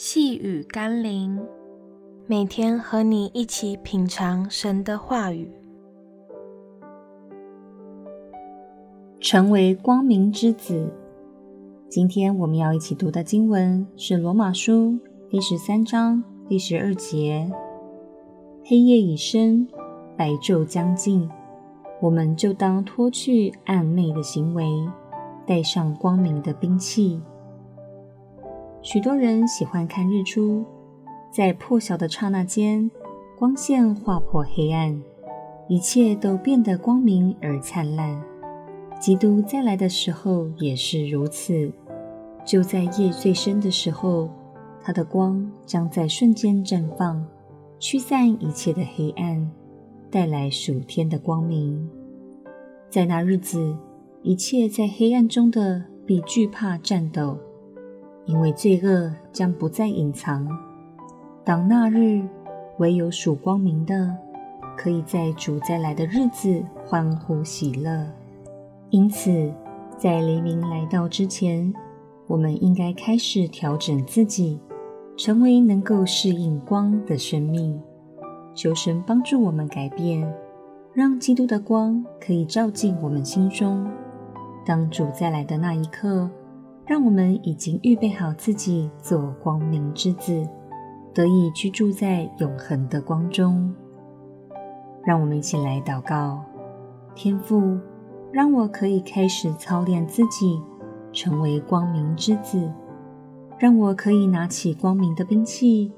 細語甘霖，每天和你一起品嘗神的話語，成為光明之子。今天我們要一起讀的經文是《羅馬書》第十三章第十二節：“黑夜已深，白晝將近，我們就當脫去暗昧的行為，帶上光明的兵器。”許多人喜歡看日出，在破曉的剎那間，光線劃破黑暗，一切都變得光明而燦爛。基督再來的時候也是如此，就在夜最深的時候，他的光將在瞬間綻放，驅散一切的黑暗，帶來屬天的光明。在那日子，一切在黑暗中的必懼怕顫抖。因為罪惡將不再隱藏，當那日，唯有屬光明的，可以在主再來的日子歡呼喜樂。因此，在黎明來到之前，我們應該開始調整自己，成為能夠適應光的生命。求神幫助我們改變，讓基督的光可以照進我們心中。當主再來的那一刻。讓我們已經預備好自己作光明之子，得以居住在永恆的光中。讓我們一起來禱告：天父，讓我可以開始操練自己，成為光明之子；讓我可以拿起光明的兵器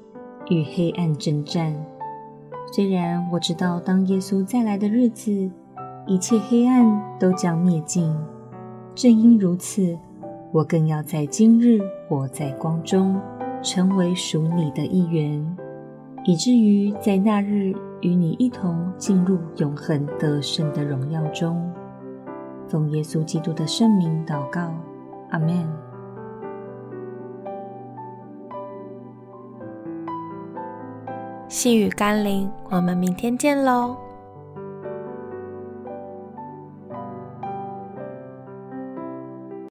與黑暗爭戰。雖然我知道，當耶穌再來的日子，一切黑暗都將滅盡。正因如此。我更要在今日活在光中，成為屬你的一員，以至於在那日與你一同進入永恆得勝的榮耀中。奉耶穌基督的聖名禱告，阿們。細語甘霖，我們明天見嘍。